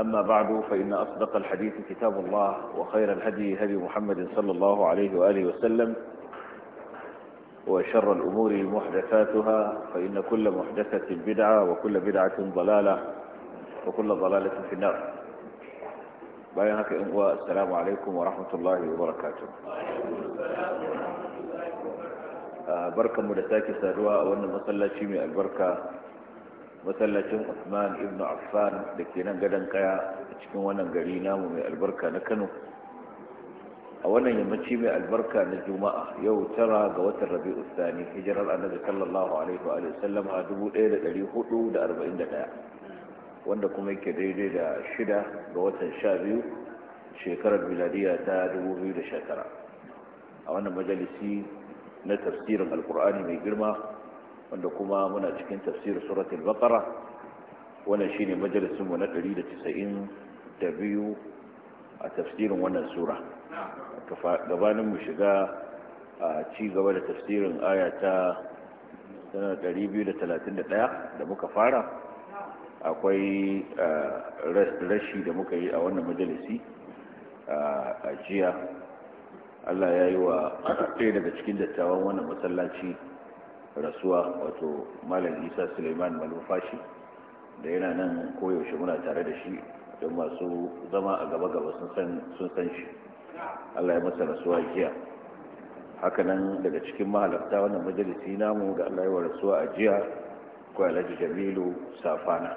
أما بعد فإن أصدق الحديث كتاب الله وخير الهدي هدي محمد صلى الله عليه وآله وسلم وشر الأمور محدثاتها فإن كل محدثة بدعة وكل بدعة ضلالة وكل ضلالة في النار بيانك إنواء السلام عليكم ورحمة الله وبركاته آه، بركة مدساك سادواء وأن المسلة شيمي البركة masallacin Usman ibn Affan da ke nan gadon kaya a cikin wannan gari namu mai albarka na Kano a wannan yammaci mai albarka na Juma'a yau tara ga watan Rabi'u sani hijirar Annabi sallallahu alaihi wa sallam a 1441 wanda kuma yake daidai da shida ga watan sha biyu shekarar miladiya ta 2019 a wannan majalisi na tafsirin alkur'ani mai girma wanda kuma muna cikin tafsir suratul baqara wannan shine majalisin mu na 192 a tafsirin wannan sura gabanin mu shiga a ci gaba da tafsirin aya ta 231 da muka fara akwai rashi da muka yi a wannan majalisi a jiya Allah ya yi wa ɗaya daga cikin dattawan wannan masallaci rasuwa wato malam isa suleiman malufashi da yana nan koyaushe muna tare da shi don masu zama a gaba-gaba sun san shi allah ya masa rasuwa jiya hakanan daga cikin mahalarta wannan majalisi namu da allah ya rasuwa a jiya kwa alhaji jamilu safana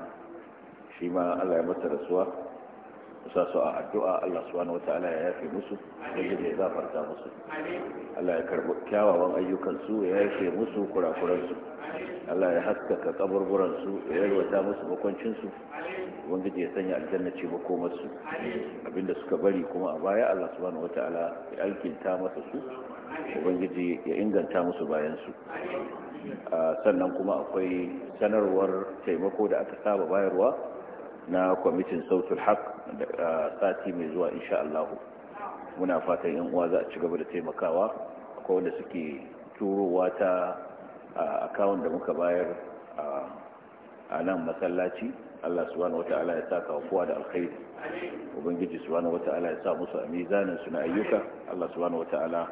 shi ma allah ya masa rasuwa sa su a addu'a Allah subhanahu wataala ya yafe musu yadda zai zafarta musu Allah ya karbi kyawawan ayyukan su ya yafe musu kurakuran su Allah ya haskaka kaburburan su ya yalwata musu makwancin su wanda ya sanya aljanna ce makomar su abinda suka bari kuma a baya Allah subhanahu wataala ya alkinta masa su ubangiji ya inganta musu bayan su ah, sannan kuma akwai sanarwar taimako da aka saba bayarwa na kwamitin sautul haq sati mai zuwa insha Allah muna fatan yan uwa za a ci gaba da taimakawa akwai wanda suke turowa ta akawun da muka bayar a nan masallaci Allah subhanahu wata'ala ya saka kowa da alkhairi ubangiji subhanahu wata'ala ya sa musu a mizanin su na ayyuka Allah subhanahu wata'ala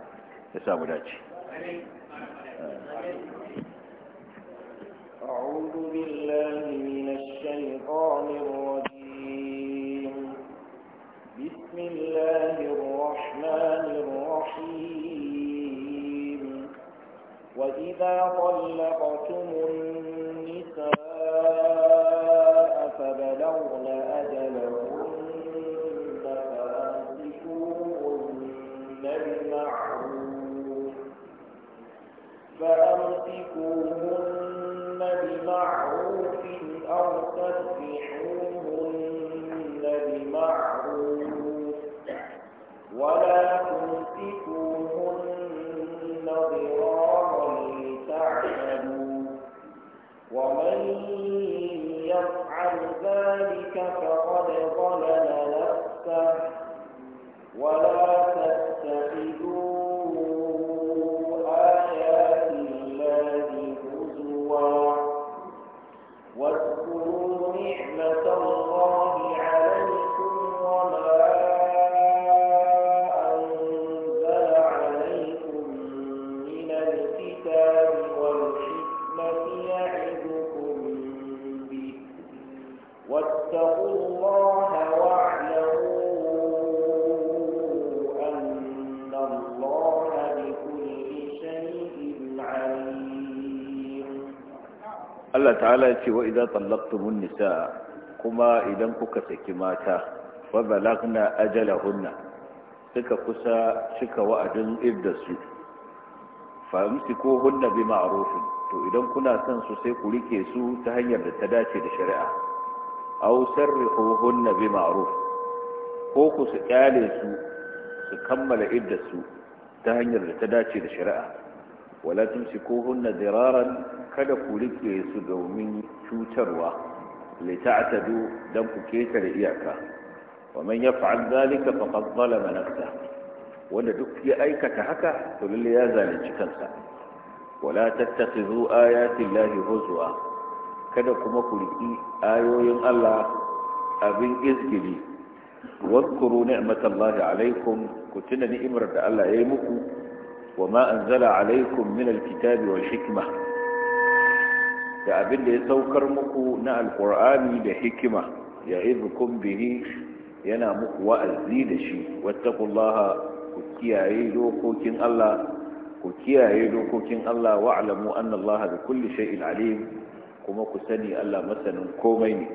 ya sa mu dace أعوذ بالله من الشيطان الرجيم Yan abu ne a ta'ala ya ce wa idan nisa kuma idan kuka saki mata wa balagna ajalahunna suka kusa cika wa'adin iddarsu ko hunna bi maruf to idan kuna son su sai ku rike su ta hanyar da ta dace da shari'a aw sarrihuhunna bi ma'ruf ko ku su kyale su su kammala iddarsu ta hanyar da ta dace da shari'a wala tumsikuhunna diraran kada ku rike su domin cutarwa li ta'tadu dan ku keta da iyaka wa man yaf'al dhalika faqad zalama nafsa wanda duk ya aikata haka to lalle ya zalunci kansa wala tattakhidhu ayati llahi huzwa kada kuma ku riki ayoyin Allah abin izgili ku نعمة الله da Allah ya yi muku? وما أنزل عليكم من الكتاب والحكمة da abin da ya saukar muku na alkur'ani da hikima ya izukun bihi yana muku wa'azi da shi wattakullaha ku kiyaye dokokin Allah ku kiyaye dokokin Allah wa'lamu anna Allah bi kulli shay'in alim kuma ku sani Allah masanin komai ne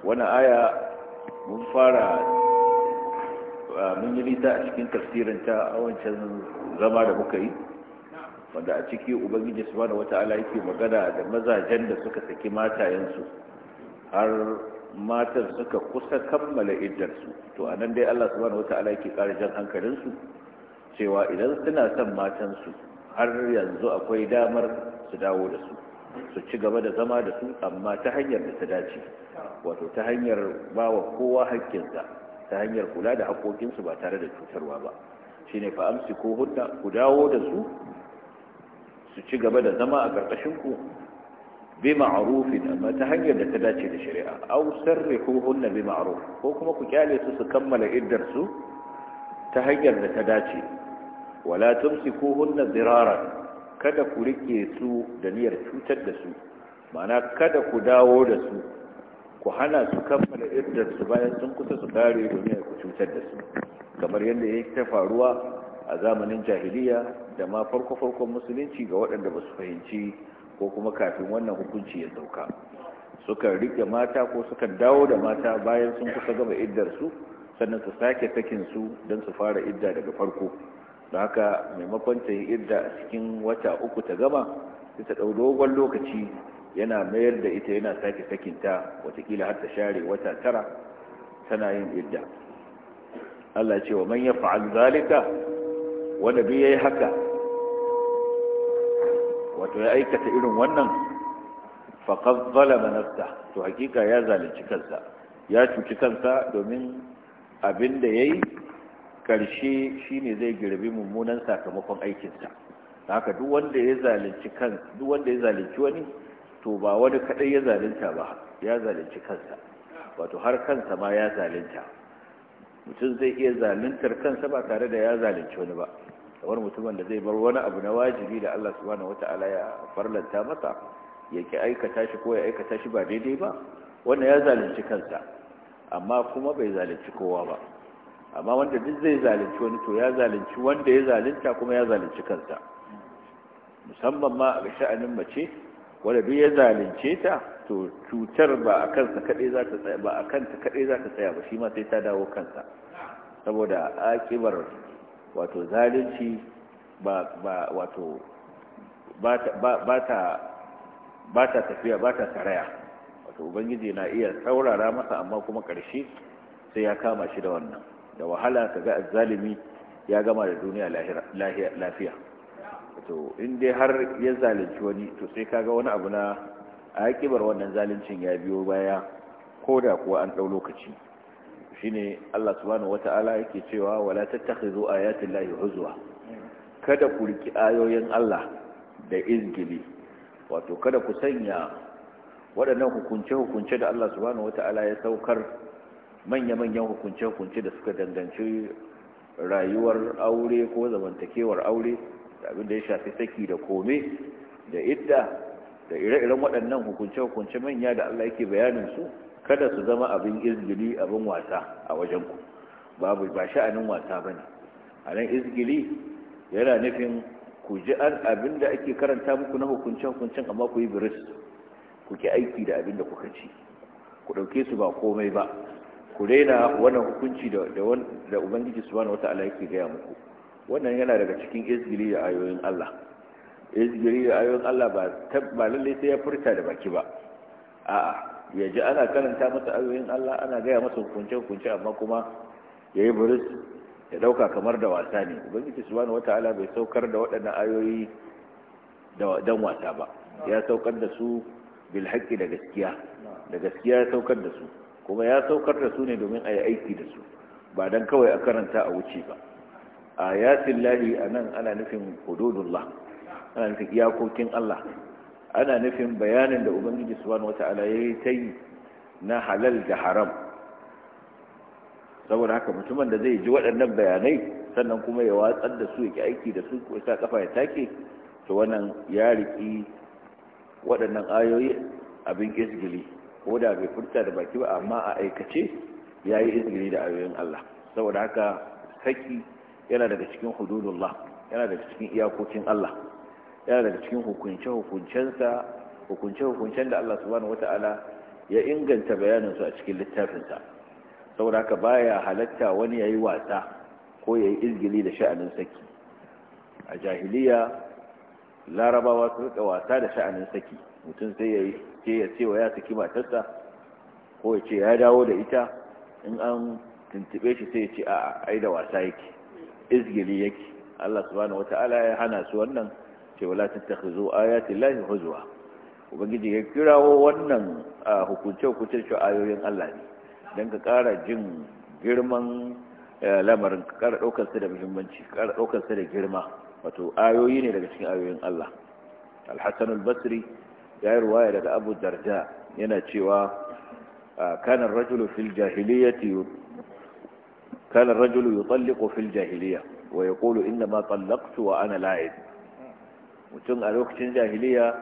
wannan aya mun ah, yi a cikin tafsirin zama da muka yi wanda a ciki ubangiji subhanahu wata'ala yake magana da mazajen da suka saki matayensu har matan suka kusa kammala iddarsu to anan dai Allah subhanahu wata'ala yake ƙara jan hankalinsu cewa idan suna son matansu har yanzu akwai damar su dawo da su su ci gaba da zama da su amma ta hanyar da ta dace wato ta hanyar ba wa kowa hakkinsa ta hanyar kula da haƙoƙinsu ba tare da cutarwa ba shine fa amsi ko hudda ku dawo da su su ci gaba da zama a karkashin ku bi ma'rufin amma ta hanyar da ta dace da shari'a ko hunna bi ma'ruf ko kuma ku kyale su su kammala iddar su ta hanyar da ta dace wala hunna diraran kada ku rike su da niyyar cutar da su ma'ana kada ku dawo da su ku hana su kammala iddarsu su bayan sun kusa su kare domin ku cutar da su kamar yadda ya ta faruwa a zamanin jahiliya da ma farko-farkon musulunci ga waɗanda ba su fahimci ko kuma kafin wannan hukunci ya sauka suka rike mata ko suka dawo da mata bayan sun kusa gama iddar su sannan su sake sakin su don su fara idda daga farko da haka maimakon ta yi idda a cikin wata uku ta gama sai ta ɗau dogon lokaci yana mayar da ita yana sake sakinta watakila har ta share wata tara tana yin idda Allah ce wa man yaf'al zalika wanda bi yayi haka wato ya aikata irin wannan faqad zalama nafsa to hakika ya zalunci kansa ya cuci kansa domin abin da yayi karshe shine zai girbi mummunan sakamakon aikinsa haka duk wanda ya zalunci kansa duk wanda ya zalunci wani to ba wani kaɗai ya zalunta ba ya zalunci kansa wato har kansa ma ya zalunta mutum zai iya zaluntar kansa ba tare da ya zalunci wani ba kamar mutumin da zai bar wani abu na wajibi da Allah subhanahu wata'ala ya farlanta masa yake aikata shi ko ya aikata shi ba daidai ba wannan ya zalunci kansa amma kuma bai zalunci kowa ba amma wanda duk zai zalunci wani to ya zalunci wanda ya zalunta kuma ya zalunci kansa musamman ma a sha'anin mace wanda duk ya zalunce ta to cutar ba a kansa kaɗai za ta tsaya ba a kanta kaɗai za ta tsaya ba shi ma sai ta dawo kansa saboda akibar wato zalunci ba ba wato ba ta ba ta tafiya ba ta saraya wato ubangiji na iya saurara masa amma kuma ƙarshe sai ya kama shi da wannan da wahala ka ga azzalimi ya gama da duniya lafiya to in dai har ya zalunci wani to sai kaga wani abu na a kibar wannan zaluncin ya biyo baya ko da kuwa an ɗau lokaci shine Allah subhanahu wata'ala yake cewa wala a ayati llahi huzuwa kada ku riki ayoyin Allah da izgili wato kada ku sanya waɗannan hukunce-hukunce da Allah subhanahu wata'ala ya saukar manya-manyan hukunce-hukunce da suka danganci rayuwar aure ko zamantakewar aure da abin da ya shafi saki da kome da idda da ire-iren waɗannan hukunce-hukunce manya da Allah yake bayanin su kada su zama abin izgili abin wasa a wajen ku babu ba sha'anin wasa bane a nan izgili yana nufin ku ji an abin da ake karanta muku na hukunce-hukuncen amma ku yi biris ku ki aiki da abin da kuka ci ku ɗauke su ba komai ba ku daina wannan hukunci da ubangiji subhanahu wata'ala yake gaya muku wannan yana daga cikin izgiri da ayoyin Allah izgiri da ayoyin Allah ba lalle sai ya furta da baki ba a'a ya ji ana karanta masa ayoyin Allah ana gaya masa hukunce hukunce amma kuma ya yi buris ya ɗauka kamar da wasa ne ubangiji subhanahu wata'ala bai saukar da waɗannan ayoyi dan wasa ba ya saukar da su bil haƙƙi da gaskiya da gaskiya ya saukar da su kuma ya saukar da su ne domin a yi aiki da su ba dan kawai a karanta a wuce ba ayatin lahi a nan ana nufin hududullah ana nufin iyakokin Allah ana nufin bayanin da ubangiji subhanahu wata'ala ya yi ta yi na halal da haram saboda haka mutumin da zai ji waɗannan bayanai sannan kuma ya watsar da su yake aiki da su ko sa kafa ya take to wannan ya riki waɗannan ayoyi abin izgili ko da bai furta da baki ba amma a aikace ya yi izgili da ayoyin Allah saboda haka saki yana daga cikin hududullah yana daga cikin iyakokin Allah yana daga cikin hukunce-hukuncensa hukunce-hukuncen da Allah subhanahu wata'ala ya inganta bayaninsu a cikin littafinsa saboda haka baya halatta wani yayi wasa ko yayi izgili da sha'anin saki a jahiliya larabawa su rika wasa da sha'anin saki mutum sai ya ce ya ce wa ya saki matarsa ko ya ce ya dawo da ita in an tuntube shi sai ya ce a ai da wasa yake izgili yake Allah subhanahu wata'ala ya hana su wannan ce wala tattakhizu ayati llahi huzwa ubangiji ya kirawo wannan hukunce hukunce shi ayoyin Allah ne dan ka kara jin girman eh, lamarin ka ƙara daukar su da muhimmanci ka ƙara daukar su da girma wato ayoyi ne daga cikin ayoyin Allah al-Hasan al-Basri ya yi ruwaya daga Abu Darda yana cewa kanar ar-rajulu fil jahiliyyati كان الرجل يطلق في الجاهلية ويقول إنما طلقت وأنا لاعب mutum a lokacin jahiliya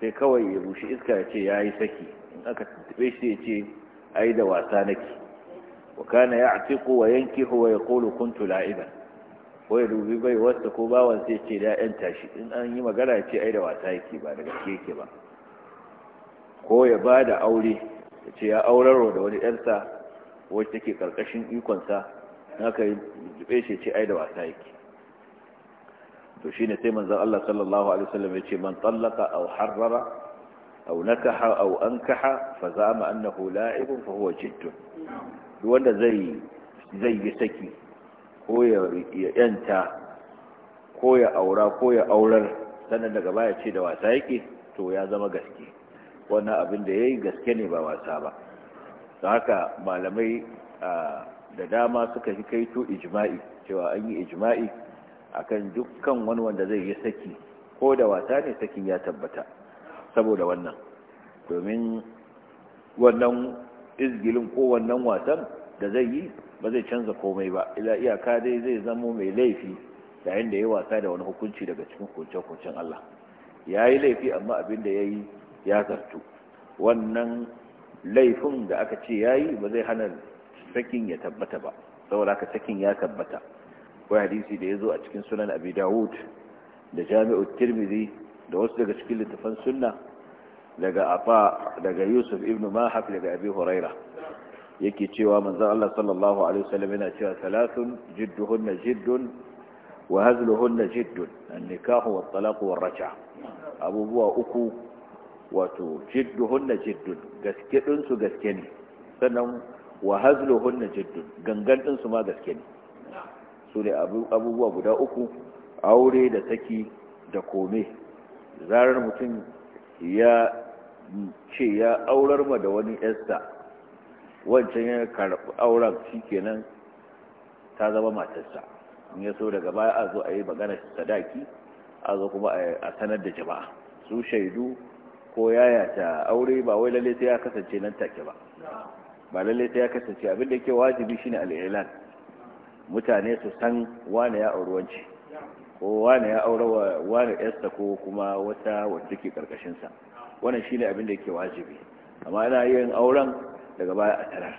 sai kawai ya bushe iska ya ce ya yi saki in aka tattabe shi ya ce ai da wasa nake wa kana ya atiku wa yanki wa ya kolo kuntu la'iban ko ya dubi bai wasta ko bawan sai ce da yan tashi in an yi magana ya ce ai da wasa yake ba daga keke ba ko ya ba da aure ya ce ya aurarwa da wani yarsa wacce take karkashin ikonsa haka zube shi ce ai da wasa yake to ne sai manzan Allah sallallahu alaihi wasallam ce man tallaka aw harrara aw nakaha aw ankaha fa zama annahu la'ibun fa huwa jiddun duk wanda zai zai yi saki ko ya yanta ko ya aura ko ya aurar sannan daga baya ce da wasa yake to ya zama gaske wannan abin da yayi gaske ne ba wasa ba don haka malamai da dama suka kai kaito ijma'i cewa an yi ijma'i akan dukkan wani wanda zai yi saki ko da wata ne sakin ya tabbata saboda wannan domin wannan izgilin ko wannan wasan da zai yi ba zai canza komai ba ila iyaka dai zai zamo mai laifi yayin da ya wasa da wani hukunci daga cikin kuce-kuncen Allah ya yi laifi amma abin da ya yi ya zartu wannan laifin da aka ce yayi ba zai hana sakin ya tabbata ba saboda haka sakin ya tabbata wai hadisi da ya zo a cikin sunan abi dawud da jami'ut tirmidhi da wasu daga cikin littafan sunna daga afa daga yusuf ibnu mahaf daga abi huraira yake cewa manzon Allah sallallahu alaihi wasallam yana cewa salatun jidduhunna jiddun wa hazluhunna jiddun an-nikahu wat-talaqu war-raj'a abubuwa uku wato hunna jiddun gaske ɗinsu gaske ne sannan wa hunna jiddun gangan ɗinsu ma gaske ne su ne abubuwa guda uku aure da saki da kome zarar mutum ya ce ya aurar ma da wani yasta wancan ya karɓi auren shi kenan ta zama matarsa in ya so daga baya a zo a yi magana sadaki a zo kuma a sanar da jama'a su shaidu ko ta aure ba wai lalle sai ya kasance nan take ba ba lalle sai ya kasance abin da yake wajibi shine al'ilan mutane su san wane ya aure wance ko wane ya aure wane yarsa ko kuma wata wacce ke karkashin sa wannan shine abin da yake wajibi amma ina yin auren daga baya a tarar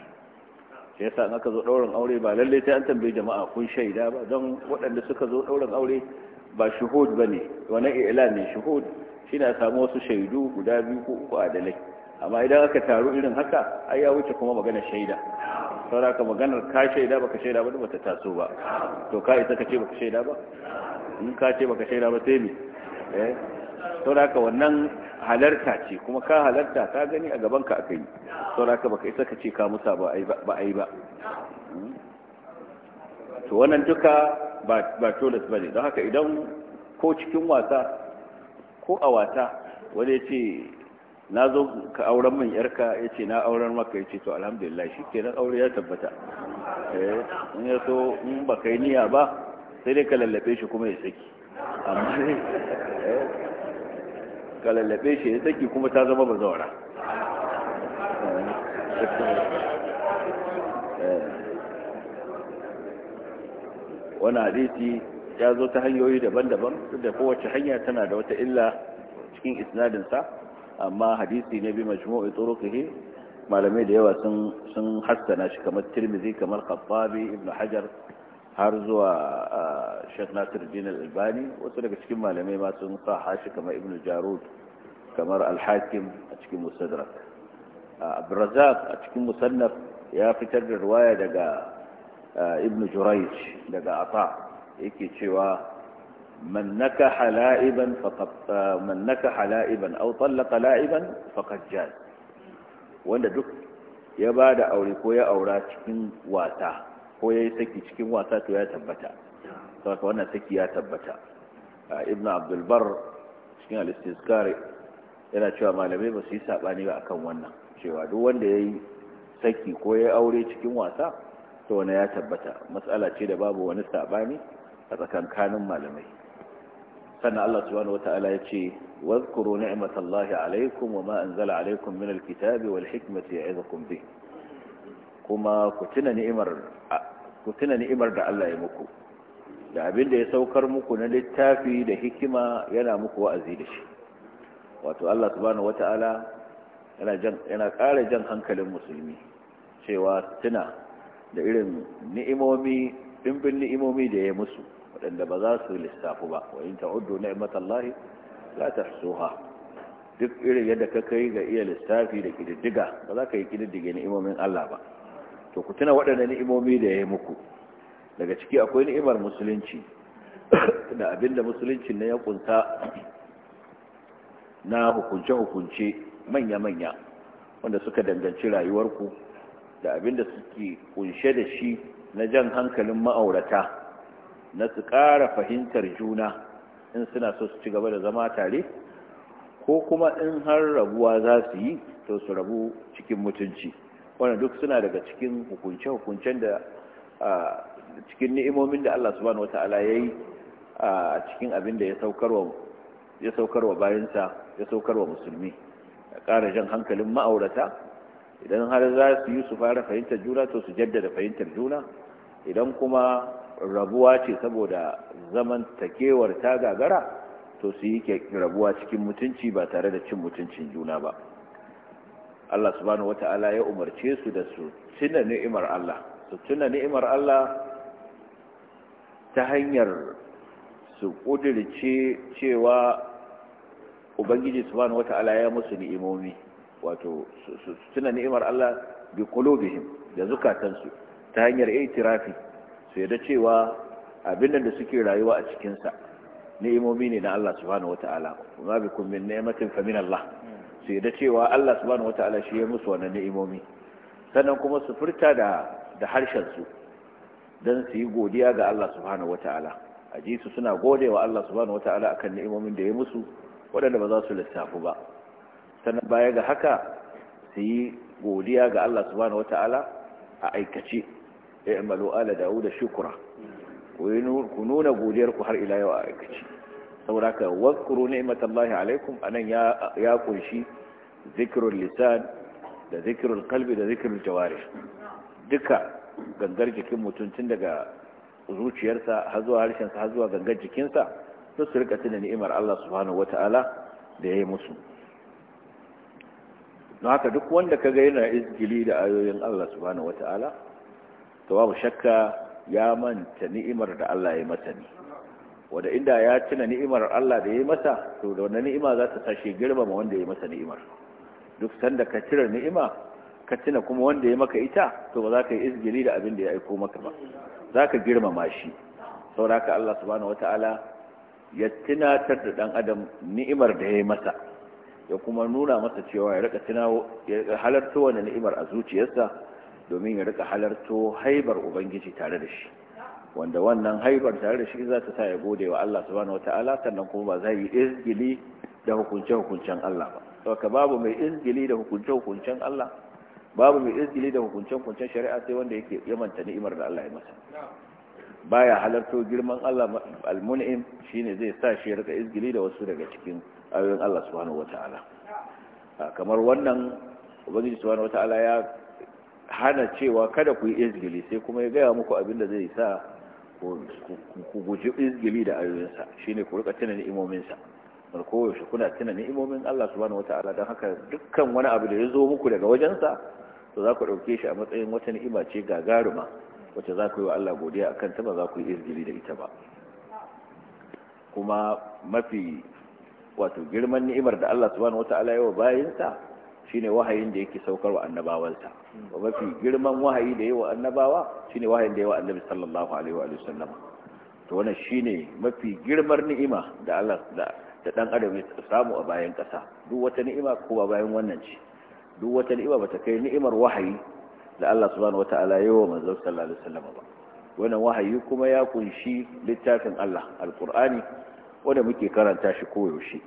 sai yasa in aka zo daurin aure ba lalle sai an tambaye jama'a kun shaida ba don waɗanda suka zo daurin aure ba shuhud bane wannan i'lan ne shuhud shi samu wasu shaidu guda biyu ko uku adalai amma idan aka taru irin haka ai ya wuce kuma magana shaida ka maganar ka shaida baka shaida ba ba ta taso ba to ka isa ka ce baka shaida ba in ka ce baka shaida ba sai me eh ka wannan halarta ce kuma ka halarta ka gani a gaban ka aka yi ka baka isa ka ce ka musa ba ai ba ai ba hmm? to wannan duka ba ba tolas bane don haka idan ko cikin wasa ko a wata wani ya ce na zo ka auren min yarka ya ce na auren maka ya ce to alhamdulillah shi ke nan aure ya tabbata eh, in ya so in ba ka yi niya ba sai dai ka lallabe shi kuma ya saki amma dai eh, ka lallabe shi ya saki kuma ta zama ba zaura eh, wani hadisi ya zo ta hanyoyi daban-daban da kowace hanya tana da wata illa cikin isnadinsa amma hadisi ne bi majmu'i turuqihi malamai da yawa sun sun hassana shi kamar Tirmidhi kamar Khattabi Ibn Hajar har zuwa Sheikh Nasiruddin Al-Albani wasu daga cikin malamai ma sun sa hashi kamar Ibn Jarud kamar Al-Hakim a cikin Mustadrak razzaq a cikin Musannaf ya fitar da riwaya daga Ibn Jurayj daga Ata yake cewa man naka hala'iban faqad man nakaha la'iban aw la'iban faqad jaz wanda duk ya bada aure ko ya aura cikin wasa ko yayi saki cikin wasa to ya tabbata saboda wannan saki ya tabbata ibnu abdul bar cikin al-istizkar yana cewa malamai ba su yi sabani ba akan wannan cewa duk wanda yayi saki ko yayi aure cikin wasa to wannan ya tabbata mas'ala ce da babu wani sabani a tsakankanin malamai sannan Allah subhanahu wata'ala ya ce واذكروا نعمة الله عليكم وما أنزل عليكم من الكتاب والحكمة يعظكم به كما كتنا نئمر كتنا نئمر ku tuna ni'imar da Allah ya abin da ya saukar muku na littafi da hikima yana muku wa'azi da shi wato Allah subhanahu wata'ala yana jan yana ƙara jan hankalin musulmi cewa tuna da irin ni'imomi dimbin ni'imomi da ya musu waɗanda ba za su yi lissafi ba wa in ta'uddu ni'matallahi la tahsuha duk irin yadda ka kai ga iya lissafi da kididdiga ba za ka yi kididdige ni'imomin Allah ba to ku tuna waɗannan ni'imomi da yayi muku daga ciki akwai ni'imar musulunci da abinda musulunci ne ya kunta na hukunce hukunce manya manya wanda suka danganci rayuwarku da abinda suke kunshe da shi na jan hankalin ma'aurata na su ƙara fahimtar juna in suna so su ci gaba da zama tare ko kuma in har rabuwa za su yi to su rabu cikin mutunci wannan duk suna daga cikin hukunce-hukuncen da cikin ni'imomin da Allah subhanahu wata'ala ya yi a cikin abin da ya saukarwa bayansa ya saukarwa musulmi ya ƙara jan hankalin ma'aurata idan har za su yi su fara fahimtar juna to su jaddada fahimtar juna idan kuma rabuwa ce saboda zaman takewar ta gagara to su yi rabuwa cikin mutunci ba tare da cin mutuncin juna ba Allah subhanahu wata'ala ya umarce su da su tuna ni'imar Allah su tuna ni'imar Allah ta hanyar su kudirce cewa ubangiji subhanahu wata'ala ya musu ni'imomi wato su tuna ni'imar Allah bi qulubihim da zukatansu ta hanyar itirafi sai da cewa abin da suke rayuwa a cikinsa ni'imomi ne na Allah subhanahu wata'ala kuma bi kun min ni'matin fa min Allah sai da cewa Allah subhanahu wata'ala shi ya musu wannan ni'imomi sannan kuma su furta da da harshen su dan su yi godiya ga Allah subhanahu wata'ala a ji su suna gode wa Allah subhanahu wata'ala akan ni'imomin da ya musu waɗanda ba za su lissafu ba sannan baya ga haka su yi godiya ga Allah subhanahu wata'ala a aikace i'malu ala da'uda shukra ku nuna godiyar ku har ila yau a aikaci saboda ka wakuru ni'matallahi alaikum anan ya ya kunshi zikrul lisan da zikrul qalbi da zikrul jawarih duka gangar jikin mutum tun daga zuciyarsa har zuwa sa har zuwa gangar sa su su rika tuna ni'imar Allah subhanahu wata'ala da ya yi musu don haka duk wanda kaga yana izgili da ayoyin Allah subhanahu wata'ala to babu shakka ya manta ni'imar da Allah ya masa ne wanda inda ya tuna ni'imar Allah da ya masa to da wannan ni'ima za ta tashi girmama wanda ya masa ni'imar duk sanda ka tira ni'ima ka tuna kuma wanda ya maka ita to ba za ka yi izgiri da abin da ya aiko maka ba za ka girmama shi saboda ka Allah subhanahu wataala ya tunatar da dan adam ni'imar da ya masa ya kuma nuna masa cewa ya rika tunawo ya halarta wannan ni'imar a zuciyarsa domin ya rika halarto haibar ubangiji tare da shi wanda wannan haibar tare da shi za ta sa ya gode wa Allah subhanahu wataala sannan kuma ba zai yi izgili da hukunce hukuncen Allah ba saboda babu mai izgili da hukunce hukuncen Allah babu mai izgili da hukuncen hukuncen shari'a sai wanda yake yamanta ni'imar da Allah ya masa baya halarto girman Allah al-mun'im shine zai sa shi ya rika izgili da wasu daga cikin ayoyin Allah subhanahu wataala kamar wannan ubangiji subhanahu wataala ya hana cewa kada ku yi izgili sai kuma ya gaya muku abin da zai sa ku guji izgili da ayoyinsa shine ku rika tuna ni'imominsa ko yaushe kuna tuna ni'imomin Allah subhanahu wata'ala don haka dukkan wani abu da ya zo muku daga wajensa to za ku ɗauke shi a matsayin wata ni'ima ce gagaruma wacce za ku yi wa Allah godiya akan ta ba za ku yi izgili da ita ba kuma mafi wato girman ni'imar da Allah subhanahu wata'ala ya bayinsa shine wahayin da yake saukarwa annabawansa ba mafi girman wahayi da yi wa annabawa shine wahayin da yi wa annabi sallallahu alaihi wa sallam to wannan shine mafi girmar ni'ima da Allah da da dan adam ya samu a bayan kasa duk wata ni'ima ko ba bayan wannan ce duk wata ni'ima bata kai ni'imar wahayi da Allah subhanahu wataala ya yi wa manzon sallallahu alaihi wasallam ba wannan wahayi kuma ya kunshi littafin Allah alqur'ani wanda muke karanta shi koyaushe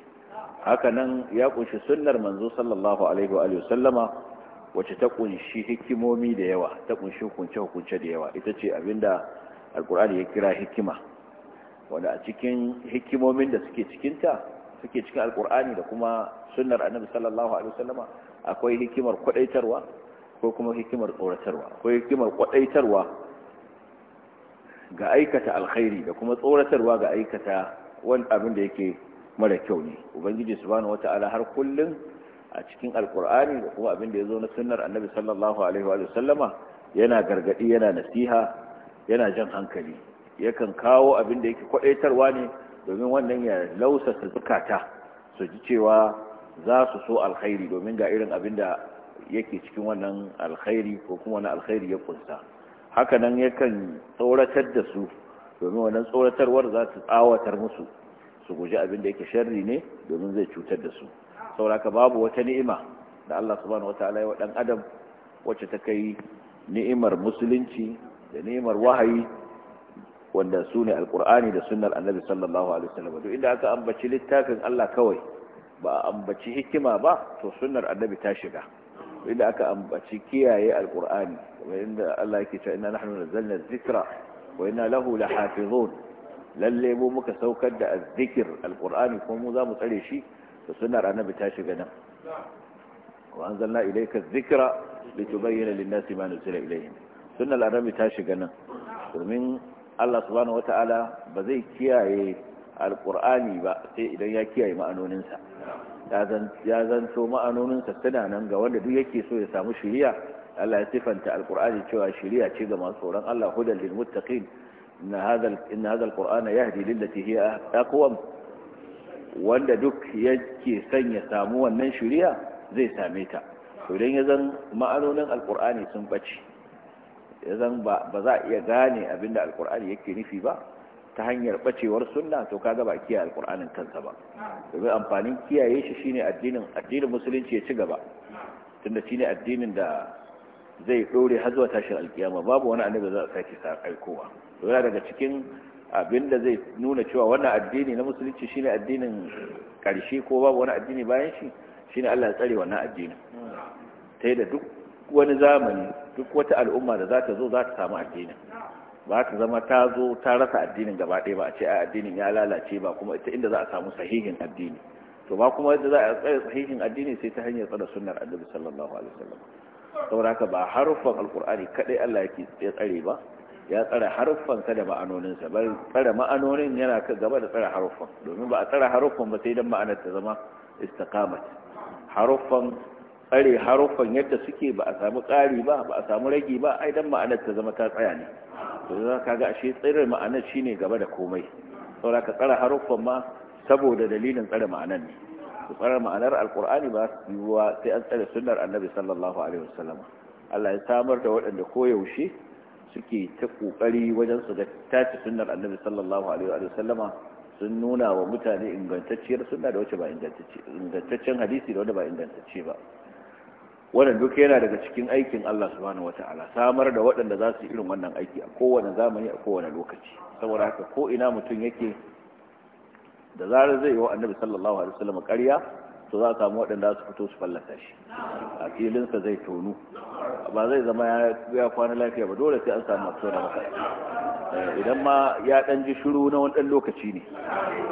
haka nan ya kunshi sunnar manzo sallallahu alaihi wa sallama wacce ta kunshi hikimomi da yawa ta kunshi hukunce hukunce da yawa ita ce abinda alkur'ani ya kira hikima wanda a cikin hikimomin da suke cikinta suke cikin alkur'ani da kuma sunnar annabi sallallahu alaihi wa sallama akwai hikimar kwadaitarwa ko kuma hikimar tsoratarwa akwai hikimar kwadaitarwa ga aikata alkhairi da kuma tsoratarwa ga aikata wani abin da yake mara kyau ne ubangiji subhanahu wata'ala har kullum a cikin alkur'ani da kuma abin da ya zo na sunnar annabi sallallahu alaihi wa sallama yana gargadi yana nasiha yana jan hankali yakan kawo abin da yake kwadaitarwa ne domin wannan ya lausa zukata su ji cewa za su so alkhairi domin ga irin abin da yake cikin wannan alkhairi ko kuma wani alkhairi ya kunsa haka nan yakan tsoratar da su domin wannan tsoratarwar za ta tsawatar musu su guji abin da yake sharri ne domin zai cutar da su sauraka babu wata ni'ima da Allah subhanahu wataala ya wadan adam wacce ta kai ni'imar musulunci da ni'imar wahayi wanda su ne alkur'ani da sunnar annabi sallallahu alaihi wasallam duk inda aka ambaci littafin Allah kawai ba a ambaci hikima ba to sunnar annabi ta shiga inda aka ambaci kiyaye alkur'ani inda Allah yake cewa inna nahnu nazzalna dhikra wa inna lahu lahafizun lalle mu muka saukar da azzikir al'kur'ani ko mu za mu tsare shi da sunnar annabi ta shiga nan wa anzalna ilayka dhikra litubayyana lin-nasi ma nuzila ilayhim sunnar annabi ta shiga nan domin Allah subhanahu wata'ala ba zai kiyaye al'kur'ani ba sai idan ya kiyaye ma'anoninsa ya zanto ma'anoninsa suna nan ga wanda duk yake so ya samu shiriya Allah ya sifanta alqur'ani cewa shiriya ce ga masu tsoron Allah hudal lil muttaqin إن هذا, إن هذا القرآن يهدي للتي هي أقوم wanda duk yake son ya samu wannan shari'a zai same ta to ya zan ma'anonin alqur'ani sun ɓace ya zan ba za a iya gane abinda alkur'ani yake nufi ba ta hanyar ɓacewar sunna to kaga ba kiyaye alkur'anin kansa ba domin amfanin kiyaye shi shine addinin musulunci ya ci gaba tunda shine addinin da zai dore har zuwa tashin alkiyama babu wani annabi za a sake sa aikowa to yana daga cikin abinda zai nuna cewa wannan addini na musulunci shine addinin karshe ko babu wani addini bayan shi shine Allah ya tsare wannan addinin ta da duk wani zamani duk wata al'umma da za ta zo za ta samu addinin ba ta zama ta zo ta rasa addinin gaba ɗaya ba a ce a addinin ya lalace ba kuma ita inda za a samu sahihin addini to ba kuma yadda za a tsare sahihin addini sai ta hanyar tsara sunnar annabi sallallahu alaihi wasallam ka ba haruffan alkur'ani kadai Allah yake ya tsare ba ya tsare haruffan ka da ma'anoninsa bari tsare ma'anonin yana ka gaba da tsare haruffan domin ba a tsare haruffan ba sai dan ma'anar ta zama istiqamat haruffan tsare haruffan yadda suke ba a samu ƙari ba ba a samu rage ba ai dan ma'anar ta zama ta tsaya ne to za ka ga ashe tsare ma'anar shine gaba da komai ka tsare haruffan ma saboda dalilin tsare ma'anar ne su tsarar ma'anar alkur'ani ba su yiwuwa sai an tsare sunnar annabi sallallahu alaihi wasallam Allah ya samar da waɗanda koyaushe suke ta ƙoƙari wajen su ga tace sunnar annabi sallallahu alaihi wasallama sun nuna wa mutane ingantacciyar sunna da wacce ba ingantaccen hadisi da wanda ba ingantacce ba wannan duk yana daga cikin aikin Allah subhanahu wataala samar da waɗanda za su yi irin wannan aiki a kowane zamani a kowane lokaci saboda haka ko ina mutum yake da zarar zai yi wa annabi sallallahu alaihi wasallam ƙarya to za a samu waɗanda su fito su fallata shi a filinsa zai tonu ba zai zama ya kwana lafiya ba dole sai an samu masu da maka eh, idan ma ya ɗan ji shiru na wani ɗan lokaci ne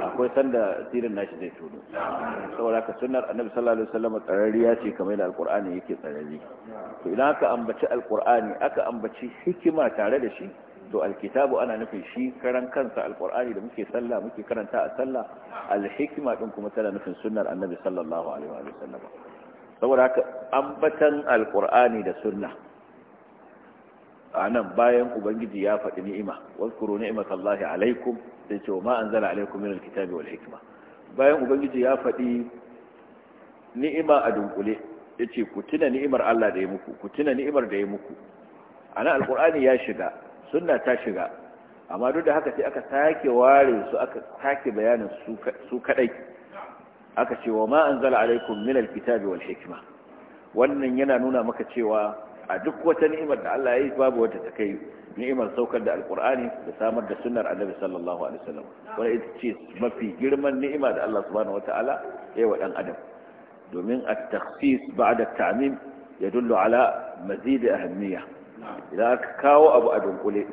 akwai sanda sirin nashi zai tono saboda ka sunnar annabi sallallahu alaihi wasallam tsararriya ce kamar da alqur'ani yake tsararri to idan aka ambaci Alƙur'ani aka ambaci hikima tare da shi to alkitabu ana nufin shi karan kansa alqur'ani da muke sallah muke karanta a sallah alhikima din kuma tana nufin sunnar annabi sallallahu alaihi wa sallam saboda haka ambatan alqur'ani da sunna anan bayan ubangiji ya faɗi ni'ima wazkuru ni'matallahi alaikum sai ce ma anzala alaikum min alkitabi wal hikma bayan ubangiji ya faɗi ni'ima a dunkule yace ku tuna ni'imar Allah da ya muku ku tuna ni'imar da ya muku ana alqur'ani ya shiga sunna ta shiga amma duk da haka sai aka sake ware su aka sake bayanin su kadai aka ce wa ma anzala alaikum min alkitabi wal hikma wannan yana nuna maka cewa a duk wata ni'imar da Allah ya yi babu wata ta kai ni'imar saukar da alkur'ani da samar da sunnar annabi sallallahu alaihi wasallam wani ita ce mafi girman ni'ima da Allah subhanahu wataala ya wa dan adam domin at-takhsis ba'da at-ta'mim yadullu ala mazid ahammiya idan aka kawo abu a dunkule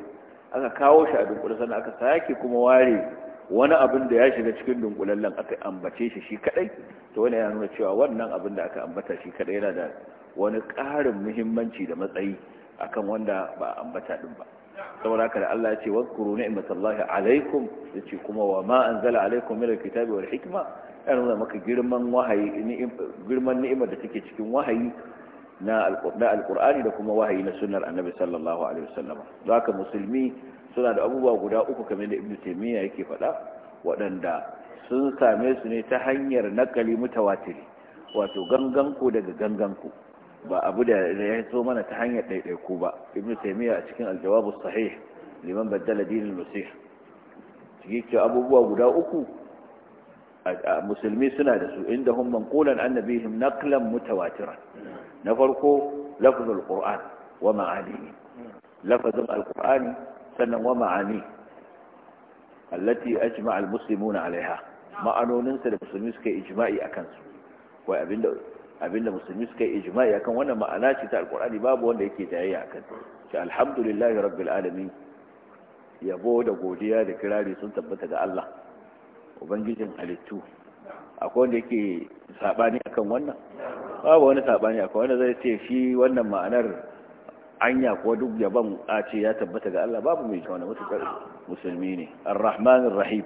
aka kawo shi a dunkule sannan aka sake kuma ware wani abin da ya shiga cikin dunkulallen aka ambace shi shi kadai to wani ya nuna cewa wannan abin da aka ambata shi kadai yana da wani karin muhimmanci da matsayi akan wanda ba ambata din ba saboda haka da Allah ya ce wazkuru ni'matallahi alaikum yace kuma wa ma anzala alaikum min alkitabi wal hikma yana nuna maka girman wahayi girman ni'imar da take cikin wahayi na alkur'ani da kuma wahayi na sunar annabi sallallahu alaihi wasallam zaka musulmi suna da abubuwa guda uku kamar da Ibn taymiya yake faɗa waɗanda sun same su ne ta hanyar nakali mutawatiri wato ganganku daga ganganku ba abu da ya so mana ta hanyar ɗaiɗaiku ba Ibn taymiya a cikin aljawabu sahih liman baddala dinin masih cikin abubuwa guda uku musulmi suna da su inda hum manqulan annabihim naqlan mutawatiran na farko lafzul qur'an wa ma'anihi lafzul alqur'ani sannan wa ma'ani allati ajma'a almuslimuna alaiha Ma'anoninsa da musulmi suka yi ijma'i akan su wai abinda musulmi suka yi ijma'i akan wannan ma'ana ce ta alqur'ani babu wanda yake jayayya akan ta alhamdulillahi rabbil alamin yabo da godiya da kirari sun tabbata ga Allah ubangijin halittu akwai wanda yake sabani akan wannan babu wani sabani akwai wanda zai ce shi wannan ma'anar anya ko duk yaban a ce ya tabbata ga Allah babu mai kauna mutukar musulmi ne ar-rahman rahim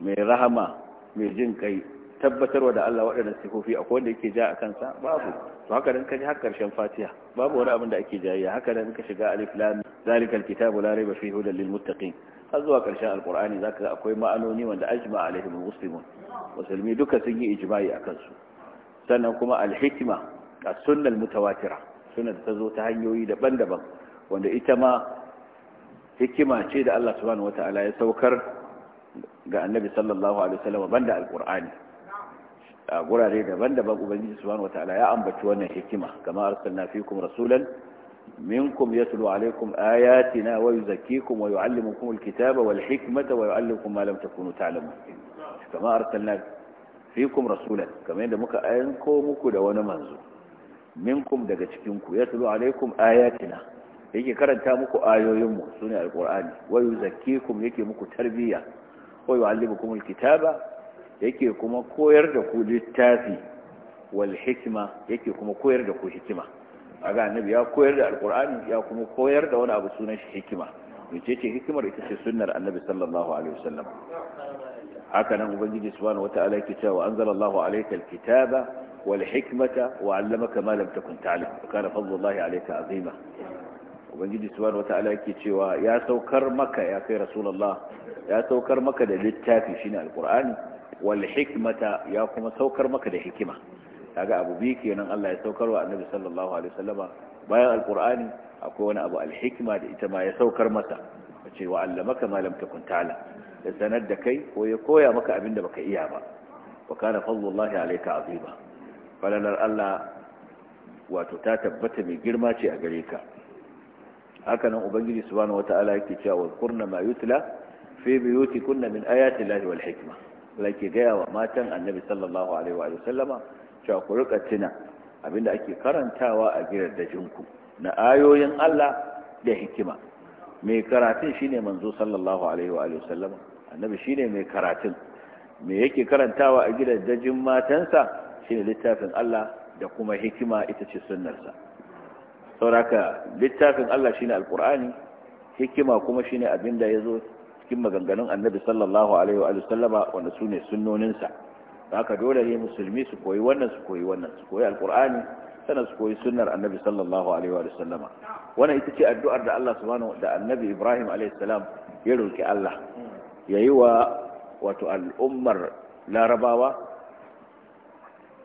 mai rahama mai jin kai tabbatarwa da Allah waɗannan sifofi akwai wanda yake ja a kansa babu to haka dan kaji har karshen Fatiha babu wani abin da ake jayayya haka dan ka shiga alif lam zalikal kitabu la rayba fihi hudan lil muttaqin har zuwa karshen alqur'ani zaka ga akwai ma'anoni wanda ajma alaihim muslimun musulmi duka sun yi ijma'i akan su sannan kuma alhikma a sunnal mutawatira sunan ta zo ta hanyoyi daban-daban wanda ita ma hikima ce da Allah subhanahu wata'ala ya saukar ga annabi sallallahu alaihi wasallam banda alqur'ani a gurare daban-daban ubangiji subhanahu wata'ala ya ambaci wannan hikima kama arsalna fiikum rasulan منكم يتلو عليكم آياتنا ويزكيكم ويعلمكم الكتاب والحكمة ويعلمكم ما لم تكونوا تعلمون كما أرسلنا fikum rasulan kamar yadda muka ayanko muku da wani manzo minkum daga cikin ku tulu alaikum ayatina yake karanta muku ayoyin mu sune alqur'ani wa yuzakkikum yake muku tarbiyya wa yuallimukum alkitaba yake kuma koyar da ku littafi wal hikma yake kuma koyar da ku hikima aga annabi ya koyar da alqur'ani ya kuma koyar da wani abu sunan shi hikima ce hikimar ita ce sunnar annabi sallallahu alaihi wasallam haka nan ubangiji subhanahu wataala yake cewa anzalallahu alayka alkitaba wal hikmata wa 'allamaka ma lam takun ta'lam wa kana fadlullahi alayka azima ubangiji subhanahu wataala yake cewa ya saukar maka ya kai rasulullah ya saukar maka da littafi shine alqur'ani wal hikmata ya kuma saukar maka da hikima kaga abu bi kenan Allah ya saukar wa annabi sallallahu alaihi wasallama bayan alqur'ani akwai wani abu alhikma da ita ma ya saukar masa ce wa 'allamaka ma lam takun ta'lam ya sanar da kai ko ya koya maka abin da baka iya ba wa kana fadlullahi alayka azima falalar Allah wato ta tabbata mai girma ce a gare ka haka nan ubangiji subhanahu wata'ala yake cewa wa qurna ma yutla fi buyutikunna min ayati llahi wal hikma lake gaya wa matan annabi sallallahu alaihi wa sallama cewa ku rika tuna abinda ake karantawa a gidajenku na ayoyin Allah da hikima mai karatun shine manzo sallallahu alaihi wa sallama annabi shine mai karatun me yake karantawa a gidan dajin matansa shine littafin Allah da kuma hikima ita ce sunnarsa sauraka littafin Allah shine al'kur'ani hikima kuma shine abinda zo cikin maganganun annabi sallallahu alaihi wa sallama wanda sune sunnoninsa haka dole ne musulmi su koyi wannan su koyi wannan su koyi alqur'ani sana su koyi sunnar annabi sallallahu alaihi wa sallama wannan ita ce addu'ar da Allah subhanahu da annabi Ibrahim alaihi salam ya roki Allah ya yi wa wato al’ummar larabawa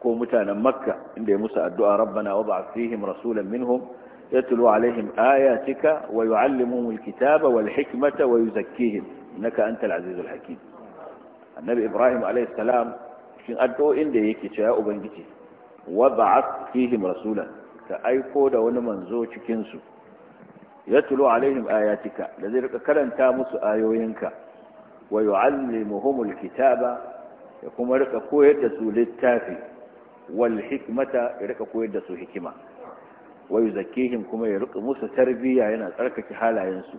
ko mutanen makka inda ya musu addu’a rabbana wa ba fihim rasulun minhum ya tulo alaihim ayatika wa yi wa’allimun wilkitaba wa hikimata wa yi zakihim na ka’an talazizul hakim annabi ibrahim alaihissalam shi addu’o’in da yake cewa ubangiji wa ba fihim rasulun ta aiko da wani manzo cikinsu ya tulo alaihim ayatika da zai karanta musu ayoyinka ويعلمهم الكتاب يقوم لك كويدس للتاف والحكمة لك كويدس حكمة ويزكيهم كما يرق موسى تربية هنا تركة حالة ينسو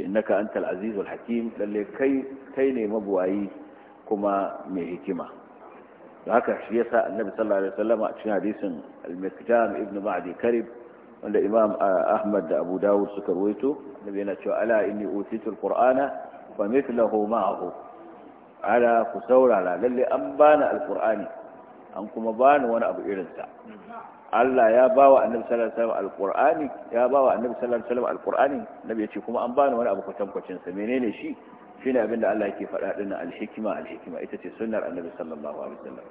إنك أنت العزيز الحكيم للي كي تيني مبوعي كما من حكمة وهكذا حشيثة النبي صلى الله عليه وسلم أتشنا حديث المكتام ابن معدي كرب عند إمام أحمد أبو داور سكرويته النبي أنا أتشوى ألا إني أوتيت القرآن fa mithluhu ma'ahu ala ku saurara lalle an bani alqur'ani an kuma bani wani abu irinsa Allah ya bawa annabi sallallahu alaihi wasallam ya bawa annabi sallallahu alaihi wasallam alqur'ani nabi yace kuma an bani wani abu kwatankwacin sa menene shi shine abinda Allah yake faɗa din alhikma alhikma ita ce sunnar annabi sallallahu alaihi wasallam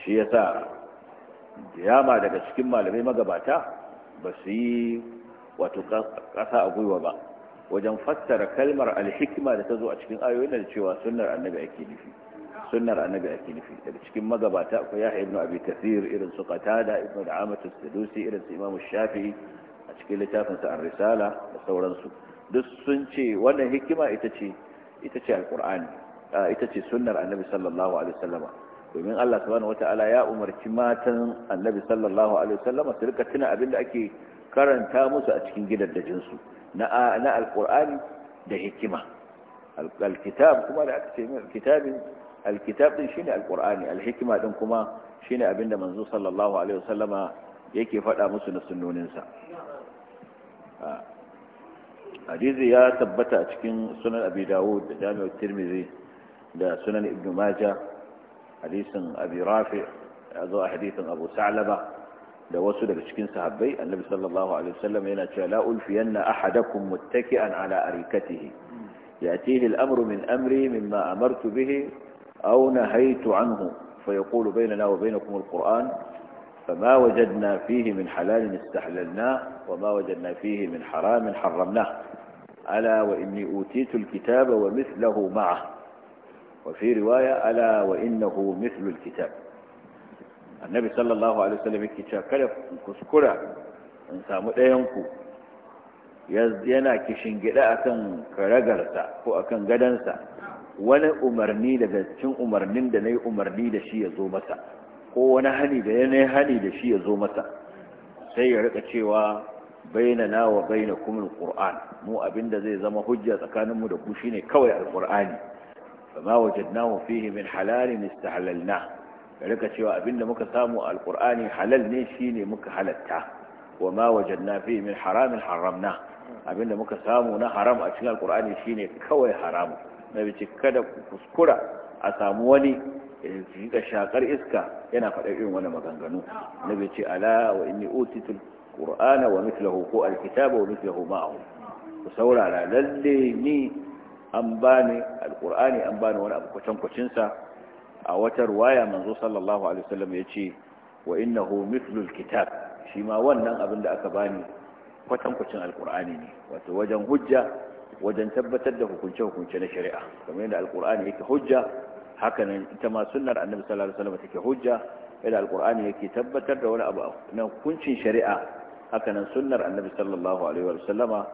shi yasa yama daga cikin malamai magabata ba su yi wato kasa a gwiwa ba wajen fassara kalmar alhikima da ta zo a cikin ayoyin da cewa sunnar annabi ake nufi sunnar annabi ake nufi daga cikin magabata akwai yahya ibn abi kathir irin su qatada ibn al as-sadusi irin su imam shafi'i a cikin littafin sa ar-risala da sauransu duk sun ce wannan hikima ita ce ita ce alqur'ani ita ce sunnar annabi sallallahu alaihi wasallama domin Allah subhanahu wata'ala ya umarci matan annabi sallallahu alaihi wasallama su rika tuna abin da ake karanta musu a cikin gidaddajinsu su na na alqur'ani da hikima alkitab kuma da aka ce kitabin alkitab din shine alqur'ani alhikima din kuma shine abinda manzo sallallahu alaihi wasallama yake faɗa musu na sunnoninsa hadisi ya tabbata a cikin sunan abi dawud da jami'ar tirmizi da sunan ibn maja hadisin abi rafi ya zo a hadisin abu sa'laba da wasu daga cikin sahabbai annabi sallallahu alaihi wasallam yana cewa la ulfiyanna ahadakum muttaki'an ala arikatihi yatihi al-amru min amri mimma amartu bihi aw nahaytu anhu fayaqulu baynana wa baynakum al-qur'an wajadna fihi فما وجدنا فيه من حلال استحللناه وما وجدنا فيه من حرام حرمناه ألا وإني أوتيت wa ومثله معه وفي رواية ألا وإنه مثل الكتاب annabi sallallahu alaihi wasallam yake cewa kada kuskura in samu ɗayan ku yana kishin gida akan karagarsa ko akan gadansa wani umarni daga cikin umarnin da nayi umarni da shi ya zo masa ko wani hani da yana hani da shi ya zo masa sai ya rika cewa bainana wa bainakum Kur'an. mu abinda zai zama hujja tsakaninmu da ku shine kawai alqurani fama wajadnahu fihi min halalin istahalalna ka rika cewa abinda muka samu a alkur'ani halal ne shine muka halatta wa ma wajanna fi min haramin haramna abinda muka samu na haram a cikin alkur'ani shine kawai haram na bici kada ku kuskura a samu wani ga shakar iska yana faɗa irin wani maganganu na bici ala wa inni utitul qur'ana wa mithluhu ko alkitaba wa mithluhu ma'ahu ku saurara lalle ni an bani alkur'ani an bani wani abu kwatankwacin sa a wata ruwaya manzo sallallahu alaihi wasallam ya ce wa innahu mithlul kitab shi ma wannan abin da aka bani kwatankwacin alkur'ani ne wato wajen hujja wajen tabbatar da hukunce-hukunce na shari'a kamar yadda alkur'ani yake hujja hakanan ita ma sunnar annabi sallallahu alaihi wasallam take hujja yadda alkur'ani yake tabbatar da wani abu na hukuncin shari'a hakanan sunnar annabi sallallahu alaihi wasallama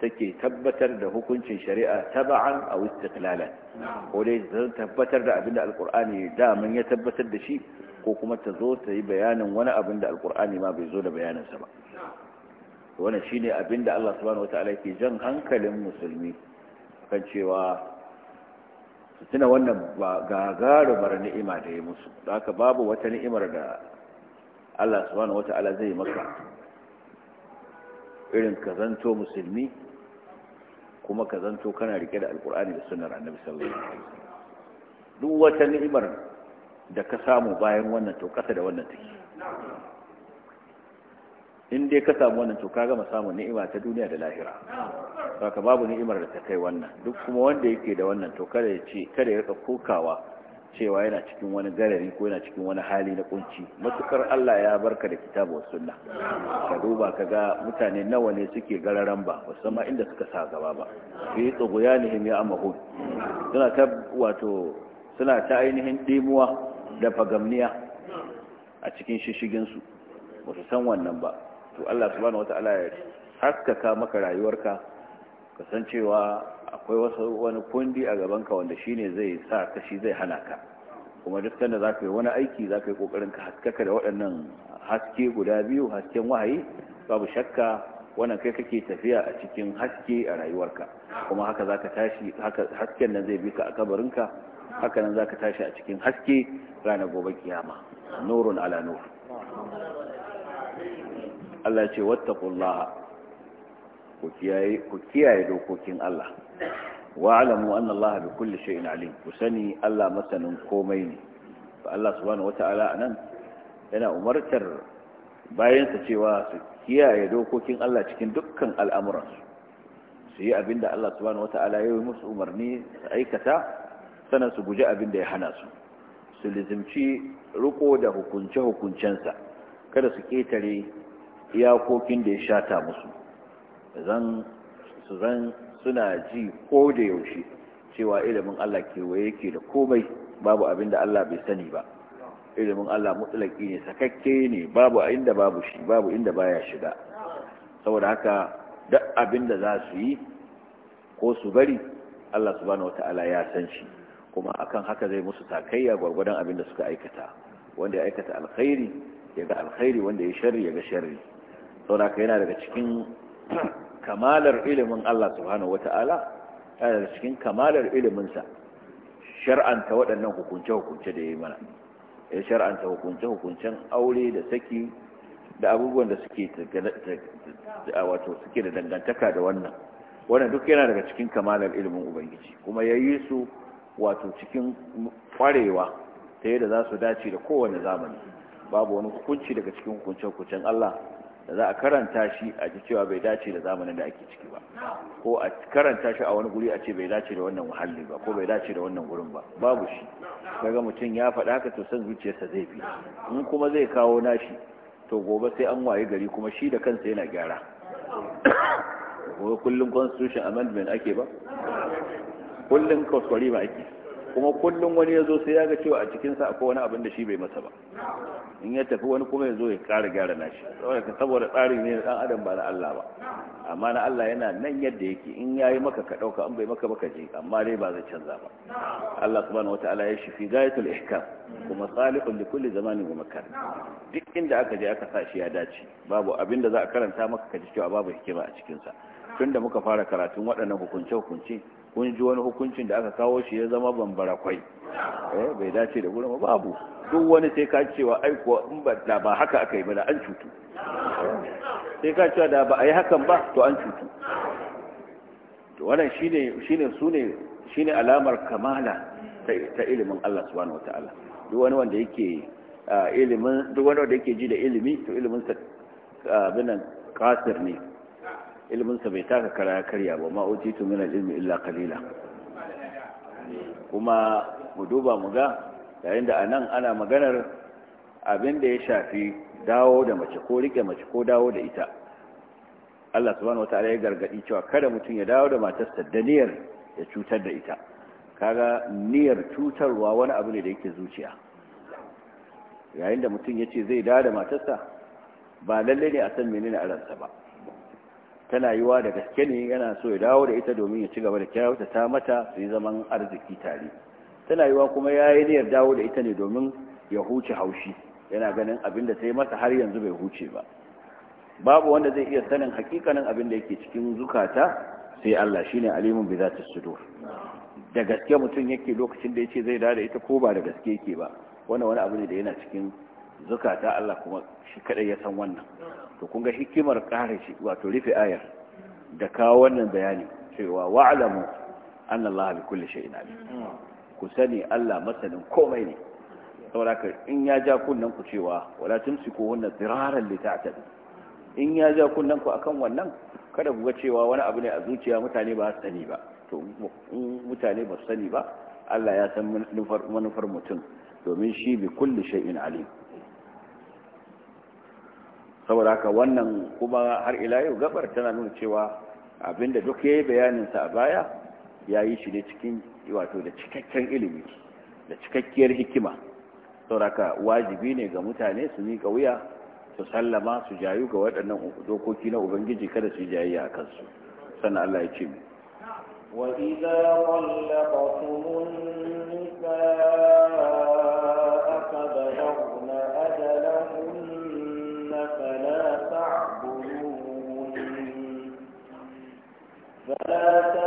take tabbatar da hukuncin shari'a taba'an a istiqlalan ko dai ta tabbatar da abinda alkur'ani daman ya tabbatar da shi ko kuma ta zo ta yi bayanin wani abin da ma bai zo da bayaninsa ba wannan shine abin da Allah subhanahu wataala ke jan hankalin musulmi kan cewa su tuna wannan gagarumar ni'ima da ya musu haka babu wata ni'imar da Allah subhanahu wataala zai maka irin kazanto musulmi kuma ka zanto kana rike da alkur'ani da sunnar annabi sallallahu alaihi duk wata ni'imar da ka samu bayan wannan to kasa da wannan take in dai ka samu wannan to ka gama samun ni'ima ta duniya da lahira saka babu ni'imar da ta kai wannan duk kuma wanda yake da wannan to kada ya ce kada ya rika kokawa cewa yana cikin wani garari ko yana cikin wani hali na kunci matukar Allah ya barka da kitabu sunna ka duba ka ga mutane nawa ne suke gararan ba musamman inda suka sa gaba ba fi tsuguyanihim ya amahun suna ta wato suna ta ainihin dimuwa da fagamniya a cikin shishigin su ba su san wannan ba to Allah subhanahu wataala ya haskaka maka rayuwarka kasancewa akwai wasu wani kundi a gabanka wanda shine zai sa ka zai hana ka kuma duk sanda za ka yi wani aiki za ka yi kokarin ka haskaka da waɗannan haske guda biyu hasken wahayi babu shakka wannan kai kake tafiya a cikin haske a rayuwarka kuma haka za ka tashi hasken nan zai bi ka a kabarinka haka nan za ka tashi a cikin haske ranar gobe kiyama nurun ala nur Allah ce wattaqullaha ku kiyaye dokokin Allah wa alamu anna Allah bi kulli shay'in alim ku sani Allah masanin komai ne fa Allah subhanahu wata'ala anan yana umartar bayansa cewa su kiyaye dokokin Allah cikin dukkan al'amuransu su yi abinda Allah subhanahu wata'ala ya yi musu umarni su aikata sanan su guji abinda ya hana su su lizimci riko da hukunce-hukuncensa kada su ketare iyakokin da ya shata musu zan suna ji ko da yaushe cewa ilimin Allah kewaye yake da komai babu abin da Allah bai sani ba ilimin Allah mutlaki ne sakakke ne babu inda babu shi babu inda baya shiga saboda haka duk abin da za su yi ko su bari Allah subhanahu wataala ya san shi kuma akan haka zai musu takayya gwargwadon abin da suka aikata wanda ya aikata alkhairi ya ga alkhairi wanda ya sharri ya ga sharri saboda haka yana daga cikin kamalar ilimin Allah subhanahu wata'ala ta da cikin kamalar iliminsa shar'anta waɗannan hukunce-hukunce da ya yi mana ya shar'anta hukunce-hukuncen aure da saki da abubuwan da suke wato suke da dangantaka da wannan wannan duk yana daga cikin kamalar ilimin ubangiji kuma ya yi su wato cikin kwarewa ta yadda za su dace da kowane zamani babu wani hukunci daga cikin hukuncen-hukuncen Allah da za a karanta shi a ji cewa bai dace da zamanin da ake ciki ba ko a karanta shi a wani guri a ce bai dace da wannan muhalli ba ko bai dace da wannan gurin ba babu shi kaga mutum ya faɗa haka to san zuciyarsa zai bi in kuma zai kawo nashi to gobe sai an waye gari kuma shi da kansa yana gyara ko kullum constitution amendment ake ba kullum kwaskwari ba ake kuma kullum wani ya zo sai ya ga cewa a cikinsa akwai wani abin da shi bai masa ba in ya tafi wani kuma ya zo ya kara gyara na nashi saboda tsari ne dan adam ba na Allah ba amma na Allah yana nan yadda yake in ya yi maka ka dauka an bai maka baka ji amma dai ba zai canza ba Allah subhanahu wataala ya shi fi gayatul ihkam kuma salihun li kulli zamani wa makan duk inda aka je aka sa shi ya dace babu abin da za a karanta maka ka ji cewa babu hikima a cikin sa tunda muka fara karatun waɗannan hukunce hukunce kun ji wani hukuncin da aka kawo shi ya zama bambara kwai eh bai dace da gurin babu duk wani sai ka cewa ai kuwa in ba da ba haka aka yi ba da an cutu sai ka cewa da ba a yi hakan ba to an cutu to wannan shine shine sune shine alamar kamala ta ilimin Allah subhanahu wataala duk wani wanda yake ah, ilimin duk wani wanda yake ji da ilimi to ilimin sa ah, binan kasir ne ilminsa bai taka kara ya karya ba ma utitu min ilmi illa qalila kuma mu duba mu ga yayin da anan ana maganar abin da ya shafi dawo da mace ko rike mace ko dawo da ita Allah subhanahu wataala ya gargadi cewa kada mutum ya dawo da matarsa da niyyar ya cutar da ita kaga niyyar cutarwa wani abu ne da yake zuciya yayin da mutum ya ce zai dawo da matarsa ba lalle ne a san menene a ba tana yiwa da gaske ne yana so ya dawo da ita domin ya ci gaba da kyauta ta mata su yi zaman arziki tare tana yiwa kuma ya yi niyyar dawo da ita ne domin ya huce haushi yana ganin abin da ta yi masa har yanzu bai huce ba babu wanda zai iya sanin hakikanin abin da yake cikin zukata sai Allah shine alimun bi zati sudur da gaske mutum yake lokacin da ce zai dawo da ita ko ba da gaske yake ba wannan wani abu ne da yana cikin zukata Allah kuma shi kadai ya san wannan to kun ga hikimar kare shi wato rufe ayar da kawo wannan bayani cewa wa'lamu anna Allah bi kulli shay'in alim ku sani Allah masanin komai ne saboda in ya ja kunnan ku cewa wala tumsiku wannan ziraran li ta'tadu in ya ja kunnan ku akan wannan kada ku ga cewa wani abu ne a zuciya mutane ba su sani ba to mutane ba su sani ba Allah ya san manufar mutum domin shi bi kulli shay'in alim saboda haka wannan kuma har ila yau gabar tana nuna cewa abinda duk yayi bayanin sa a baya yayi shi ne cikin wato da cikakken ilimi da cikakkiyar hikima saboda haka wajibi ne ga mutane su miƙa wuya su sallama su jayu ga waɗannan dokoki na ubangiji kada su yi a kansu sannan Allah ya ce mu وإذا طلقتم النساء Gracias.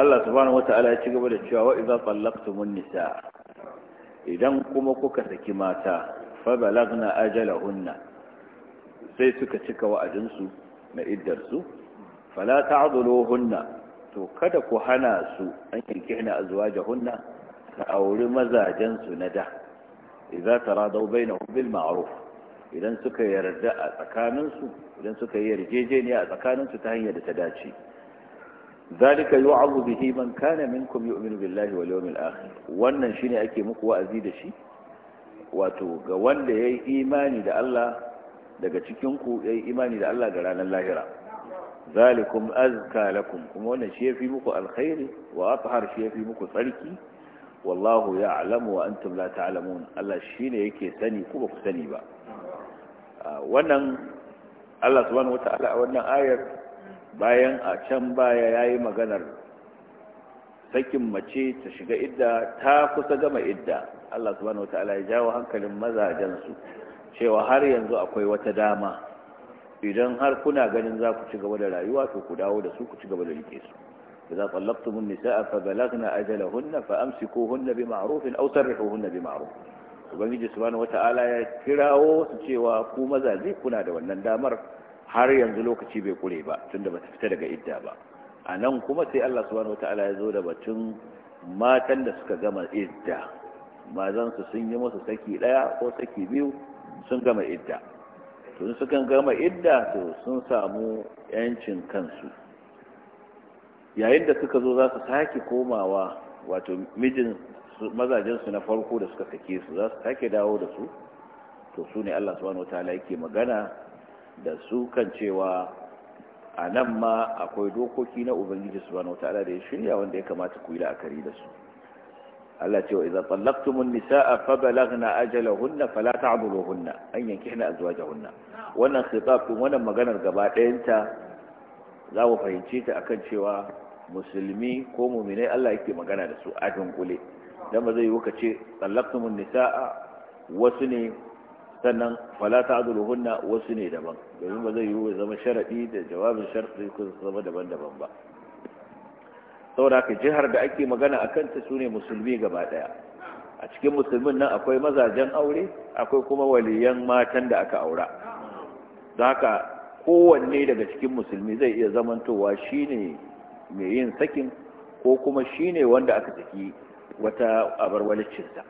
Allah subhanahu wata'ala ya ci gaba da cewa wa idza tallaqtumun nisa idan kuma kuka saki mata fa balagna ajalahunna sai suka cika wa'adin su na iddar su fala ta'dhuluhunna to kada ku hana su an kirkihna azwajahunna ka auri mazajen su na da idza taradaw bainahum bil ma'ruf idan suka yarda a tsakaninsu idan suka yi yarjejeniya a tsakaninsu ta hanyar da ta dace zalika yu'azu bihi man kana minkum yu'minu billahi wal yawmil akhir wannan shine ake muku wa'azi da shi wato ga wanda yayi imani da Allah daga cikin ku yayi imani da Allah ga ranar lahira zalikum azka lakum kuma wannan shi yafi muku alkhairi wa athhar shi yafi muku tsarki wallahu ya'lamu wa antum la ta'lamun Allah shine yake sani ku ba ku sani ba ah, wannan Allah subhanahu wata'ala a wannan ayar bayan a can baya ya yi maganar sakin mace ta shiga idda ta kusa gama idda Allah subhanahu wata'ala ya jawo hankalin mazajensu cewa har yanzu akwai wata dama idan har kuna ganin za ku ci gaba da rayuwa to ku dawo da su ku ci gaba da rike su إذا طلقتم النساء فبلغن أجلهن فأمسكوهن بمعروف أو bi بمعروف ubangiji subhanahu wata'ala ya kirawo su cewa ku mazaje kuna da wannan damar har yanzu lokaci bai kure ba tunda bata fita daga idda ba a nan kuma sai Allah subhanahu wataala ya zo da batun matan da suka gama idda su sun yi musu saki daya ko saki biyu sun gama idda to su kan gama idda to sun samu yancin kansu yayin da suka zo za su sake komawa wato mijin mazajensu na farko da suka sake su za su sake dawo da su to su ne Allah subhanahu wataala yake magana da su kan cewa a nan ma akwai dokoki na ubangiji su wani wataala da ya shirya wanda ya kamata ku yi la'akari da su Allah cewa idza tallaqtumun nisaa fa balaghna ajalahunna fala hunna an yanke yankihna azwajahunna wannan khitab din wannan maganar gaba ɗayan ta za mu fahimci ta akan cewa musulmi ko mu'minai Allah yake magana da su a dunkule dan ba zai yi wuka ce tallaqtumun nisaa wasu ne sannan wala hunna wasu ne daban domin ba zai yiwu yi zama sharaɗi da jawabin sharadi ko zama daban-daban ba saboda ka jihar da ake magana a kanta su musulmi gaba daya a cikin musulmin nan akwai mazajen aure akwai kuma waliyan matan da aka aura don haka kowanne daga cikin musulmi zai iya zamantowa shine mai yin sakin ko kuma shine wanda aka saki wata abarwalicinsa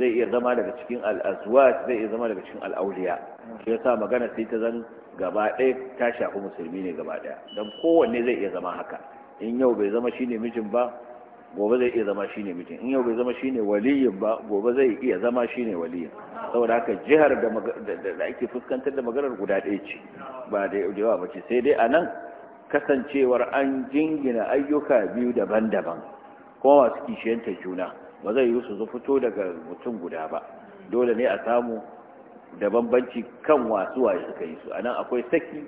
zai iya zama daga cikin al'azwat zai iya zama daga cikin al'auliya shi yasa magana sai ta zan gaba ɗaya ta shafi musulmi ne gaba ɗaya don kowanne zai iya zama haka in yau bai zama shine mijin ba gobe zai iya zama shine mijin in yau bai zama shine waliyin ba gobe zai iya zama shine waliyin saboda haka jihar da ake fuskantar da maganar guda ɗaya ce ba da yawa ba ce sai dai a nan kasancewar an jingina ayyuka biyu daban-daban kuma masu kishiyanta juna ba zai yi su zo fito daga mutum guda ba dole ne a samu da bambanci kan wasu waye suka yi su a nan akwai saki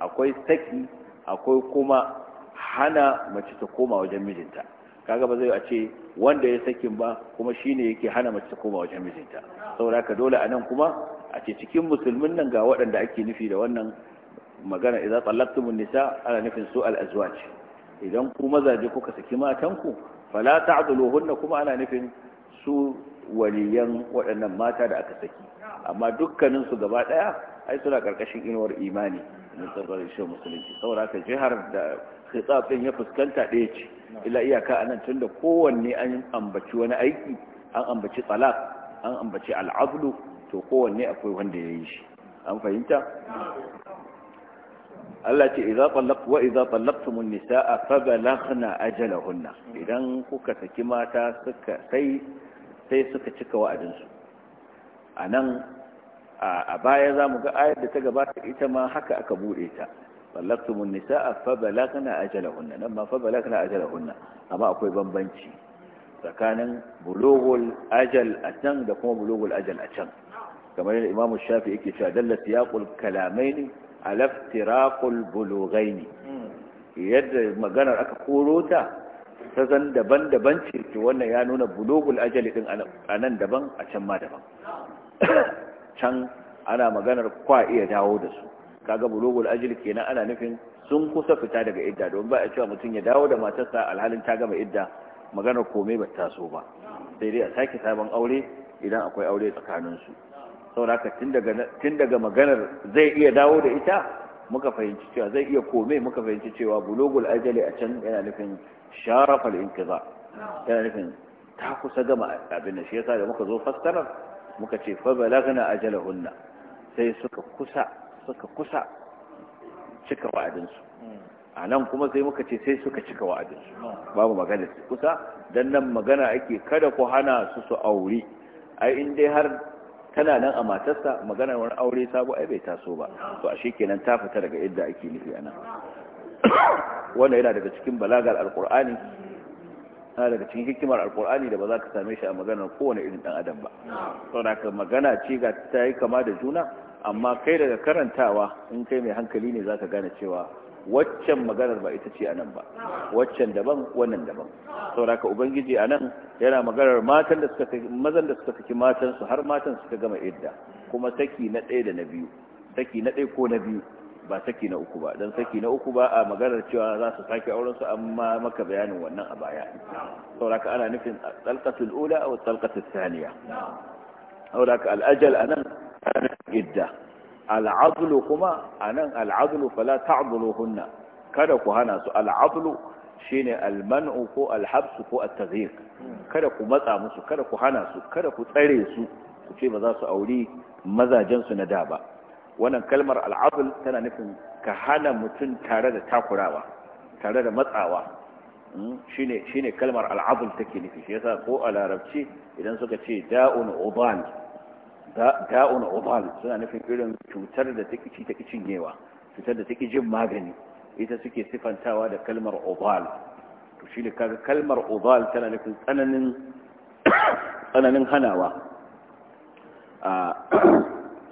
akwai saki akwai kuma hana mace ta koma wajen mijinta kaga ba zai a ce wanda ya sakin ba kuma shine yake hana mace ta koma wajen mijinta saboda ka dole a nan kuma a ce cikin musulmin nan ga waɗanda ake nufi da wannan magana idan tsallaktumun nisa ana nufin su al-azwaj idan ku mazaje kuka saki matanku fala ta'dhuluhunna kuma ana nufin su waliyan waɗannan mata da aka saki amma dukkanin su gaba daya ai suna karkashin inuwar imani mun tsarkare shi musulunci saboda haka jihar da khitab ɗin ya fuskanta ɗaya ce illa iyaka anan tunda kowanne an ambaci wani aiki an ambaci talaq an ambaci al'adlu to kowanne akwai wanda ya yi shi an fahimta Allah ce idza tallaq wa idza tallaqtum an-nisaa fabalaghna ajalahunna idan kuka saki mata sai suka cika wa'adin A nan, a baya za mu ga ayar da ta gabata ita ma haka aka buɗe ta tallaqtum an-nisaa fabalaghna ajalahunna nan ma fabalaghna ajalahunna amma akwai bambanci tsakanin bulughul ajal a can da kuma bulughul ajal a can kamar yadda imamu shafi yake cewa dalla siyaqul kalamaini alaftiraqul bulughaini yadda maganar aka koro ta ta zan daban-daban ce to wannan ya nuna bulogul ajali din anan daban a can ma daban can ana maganar kwa iya dawo da su kaga bulogul ajali kenan ana nufin sun kusa fita daga idda don ba a cewa mutum ya dawo da matarsa alhalin ta gama idda maganar komai ba ta so ba sai dai a sake sabon aure idan akwai aure tsakaninsu sauraka tun daga maganar zai iya dawo da ita muka fahimci cewa zai iya kome muka fahimci cewa bulogul ajali a can yana nufin sharafal inkiza yana nufin ta kusa gama abin da shi yasa da muka zo fassarar muka ce fa balagna ajalahunna sai suka kusa suka kusa cika wa'adinsu a nan kuma sai muka ce sai suka cika wa'adinsu babu magana kusa dan nan magana ake kada ku hana su su aure ai in dai har tana nan a matarsa maganar wani aure sabo ai bai taso ba to shi kenan ta fita daga yadda ake nufi nan wanda yana daga cikin balagar alkur'ani na daga cikin hikimar alkur'ani da ba za ka same shi a maganar kowane irin dan adam ba saboda ka magana ce ga ta yi kama da juna amma kai daga karantawa in kai mai hankali ne za ka gane cewa waccan maganar ba ita ce a nan ba waccan daban wannan daban sauraka ubangiji a nan yana maganar matan da suka mazan da suka fi matan su har matan suka gama idda kuma saki na ɗaya da na biyu saki na ɗaya ko na biyu ba saki na uku ba don saki na uku ba a maganar cewa za su sake auren su amma maka bayanin wannan a baya sauraka ana nufin tsalqatul ula aw tsalqatul thaniya sauraka al ajal anan idda al'adlu kuma a nan al'adlu fala hunna, kada ku hana su al'adlu shine al-man'u ko al-habsu ko at kada ku matsa musu kada ku hana su kada ku tsare su ku ce ba za su auri mazajen su na da ba wannan kalmar al'adl tana nufin ka hana mutum tare da takurawa tare da matsawa hmm? shine shine kalmar al'adl take nufi shi sa ko a larabci idan suka ce da'un udan da'un obal suna nufin irin cutar da take ci take cinyewa cutar da take jin magani ita suke sifantawa da kalmar udal to shi ne kaga kalmar udal tana nufin tsananin tsananin hanawa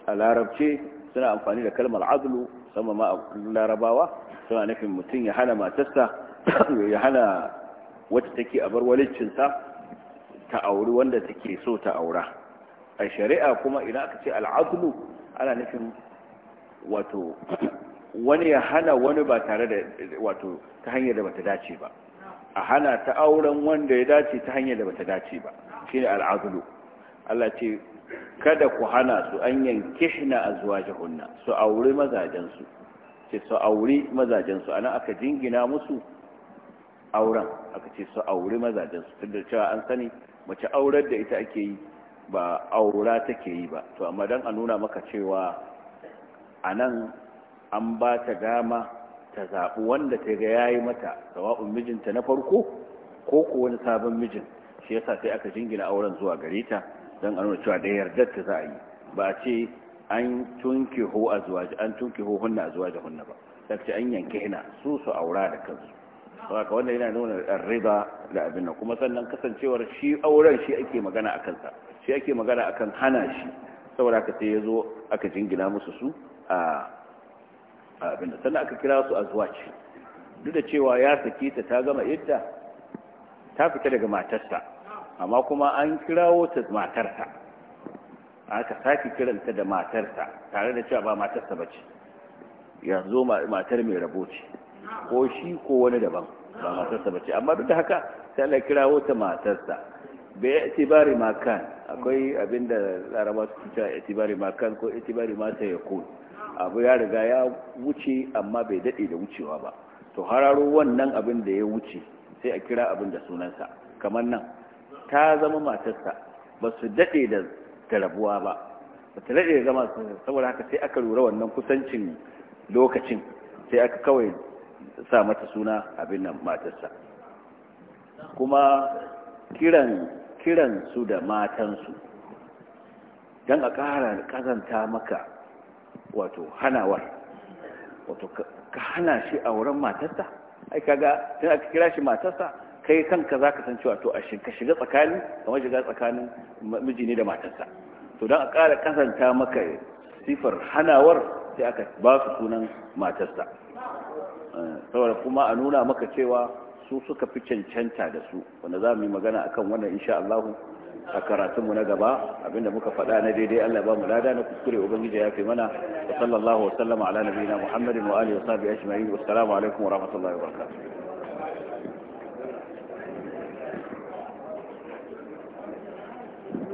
a larabce suna amfani da kalmar adlu sama ma a larabawa suna nufin mutum ya hana matarsa ya hana wacce take a bar walicinsa ta auri wanda take so ta aura a shari'a kuma idan aka ce al'adlu ana nufin wato wani ya hana wani ba tare da wato ta hanyar da bata dace ba a hana ta auren wanda ya dace ta hanyar da bata dace ba shine al'adlu Allah ce kada ku hana su an yankihna azwajahunna su auri mazajen su ce su auri mazajen su ana aka jingina musu auren aka ce su auri mazajen su tunda cewa an sani mace aurar da ita ake yi ba aura take yi ba to amma dan a nuna maka cewa a nan an ba ta dama ta zaɓi wanda ta ga yayi mata sawa'un mijinta na farko ko ko wani sabon mijin shi yasa sai aka jingina auren zuwa gare ta dan a nuna cewa da yardar ta za a yi ba a ce an tunke ho azwaji an tunke ho hunna azwaji hunna ba sai an yanke hina su su aura da kansu saboda wannan yana nuna riba da abin nan kuma sannan kasancewar shi auren shi ake magana a kansa shi ake magana akan hana shi saboda aka sai ya zo aka jingina musu su a abinda sannan aka kira su a zuwa ce duk da cewa ya saki ta ta gama yadda ta fita daga matarsa amma kuma an kirawo ta matarsa aka sake kiranta da matarsa tare da cewa ba matarsa ba ce yanzu matar mai rabo ce ko shi ko wani daban ba matarsa ba amma duk da haka sai Allah kirawo ta matarsa bai itibari makan akwai abinda laraba su cewa itibari makan ko itibari mata ya kun abu ya riga ya wuce amma bai daɗe da wucewa ba to hararo wannan abin da ya wuce sai a kira abin da sunansa kamar nan ta zama matarsa ba su daɗe da tarabuwa ba ba ta daɗe da zama saboda haka sai aka lura wannan kusancin lokacin sai aka kawai sa mata suna abin nan matarsa kuma kiran kiransu da matansu don a ƙara ƙazanta maka wato hanawar wato ka hana shi a wurin matarsa ai kaga tun aka kira shi matarsa kai kanka za ka san cewa to a ka shiga tsakani kamar shiga tsakanin miji ne da matarsa to don a ƙara ƙazanta maka sifar hanawar sai aka ba su sunan matarsa eh, saboda kuma a nuna maka cewa su suka fi cancanta da su wanda za mu yi magana a kan wannan insha Allah a karatunmu na gaba abinda muka faɗa na daidai Allah ba mu lada na kuskure ubangiji ya fi mana wa sallallahu wa sallama ala nabiyina Muhammadin wa alihi wa sahbihi ajma'in assalamu alaikum wa rahmatullahi wa barakatuh